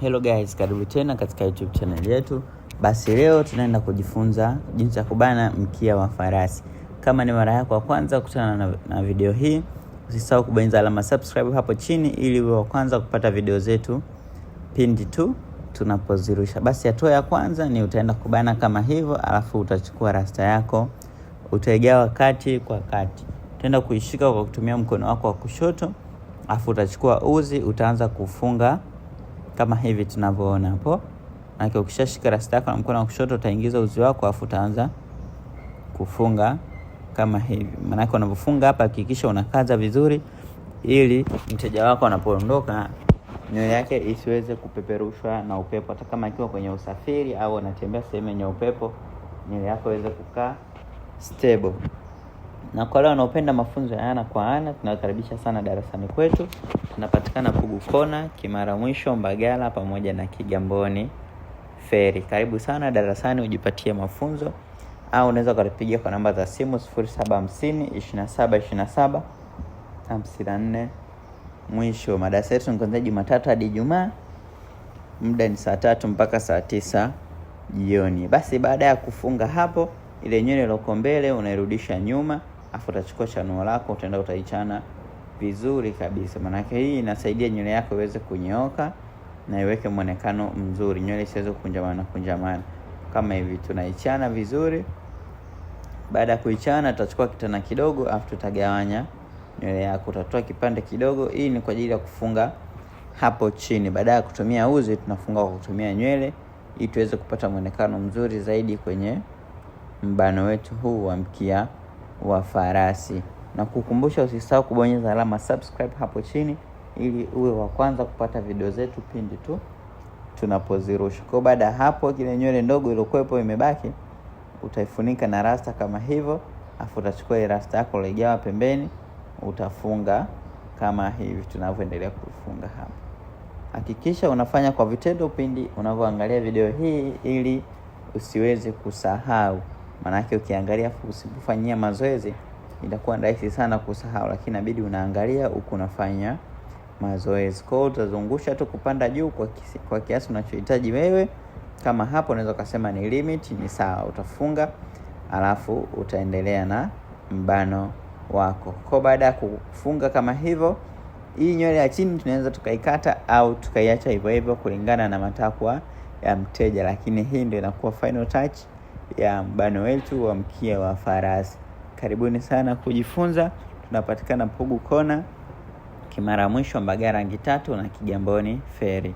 Hello guys, karibu tena katika YouTube channel yetu. Basi leo tunaenda kujifunza jinsi ya kubana mkia wa farasi. Kama ni mara yako ya kwanza kukutana na, na video hii, usisahau kubonyeza alama subscribe hapo chini ili uwe wa kwanza kupata video zetu pindi tu tunapozirusha. Basi hatua ya kwanza ni utaenda kubana kama hivyo, alafu utachukua rasta yako utaigawa kati kwa kati, utaenda kuishika kwa kutumia mkono wako wa kushoto, alafu utachukua uzi utaanza kufunga kama hivi tunavyoona hapo. Maana ukishashika rasta yako na mkono wa kushoto utaingiza uzi wako afu utaanza kufunga kama hivi. Maana unapofunga hapa, hakikisha unakaza vizuri, ili mteja wako anapoondoka nywele yake isiweze kupeperushwa na upepo. Hata kama akiwa kwenye usafiri au anatembea sehemu yenye upepo, nywele yako iweze kukaa stable na kwa leo wanaopenda mafunzo ya ana kwa ana tunawakaribisha sana darasani kwetu. Tunapatikana pugukona Kimara Mwisho, Mbagala pamoja na Kigamboni Feri. Karibu sana darasani ujipatie mafunzo, au unaweza ukatupigia kwa namba za simu 0750 27 27 54 mwisho. Madarasa yetu ni kuanzia Jumatatu hadi Ijumaa, muda ni saa tatu mpaka saa tisa jioni. Basi baada ya kufunga hapo, ile nywele iliyoko mbele unairudisha nyuma afu utachukua chanuo lako utaenda utaichana vizuri kabisa, maanake hii inasaidia nywele yako iweze kunyooka na iweke mwonekano mzuri, nywele isiweze kukunjamana kunjamana. Kama hivi tunaichana vizuri. Baada ya kuichana, tutachukua kitana kidogo, afu tutagawanya nywele yako, utatoa kipande kidogo. Hii ni kwa ajili ya kufunga hapo chini. Baada ya kutumia uzi, tunafunga kwa kutumia nywele ili tuweze kupata mwonekano mzuri zaidi kwenye mbano wetu huu wa mkia wa farasi, na kukumbusha usisahau kubonyeza alama subscribe hapo chini ili uwe wa kwanza kupata video zetu pindi tu tunapozirusha. Kwa baada ya hapo, kile nywele ndogo iliyokuwepo imebaki utaifunika na rasta kama hivyo, afu utachukua ile rasta yako ilejawa pembeni utafunga kama hivi tunavyoendelea kufunga hapa. Hakikisha unafanya kwa vitendo pindi unavyoangalia video hii ili usiweze kusahau. Maanake ukiangalia usipofanyia mazoezi itakuwa rahisi sana kusahau, lakini inabidi unaangalia huku unafanya mazoezi. Kwa utazungusha tu kupanda juu kwa kiasi, kwa kiasi unachohitaji wewe. Kama hapo unaweza ukasema ni limit, ni sawa, utafunga alafu utaendelea na mbano wako. Kwa baada ya kufunga kama hivyo, hii nywele ya chini tunaweza tukaikata au tukaiacha hivyo hivyo kulingana na matakwa ya mteja, lakini hii ndio inakuwa final touch ya mbano wetu wa mkia wa farasi. Karibuni sana kujifunza. Tunapatikana Pugu Kona, Kimara Mwisho, Mbagara Ngitatu na Kigamboni Feri.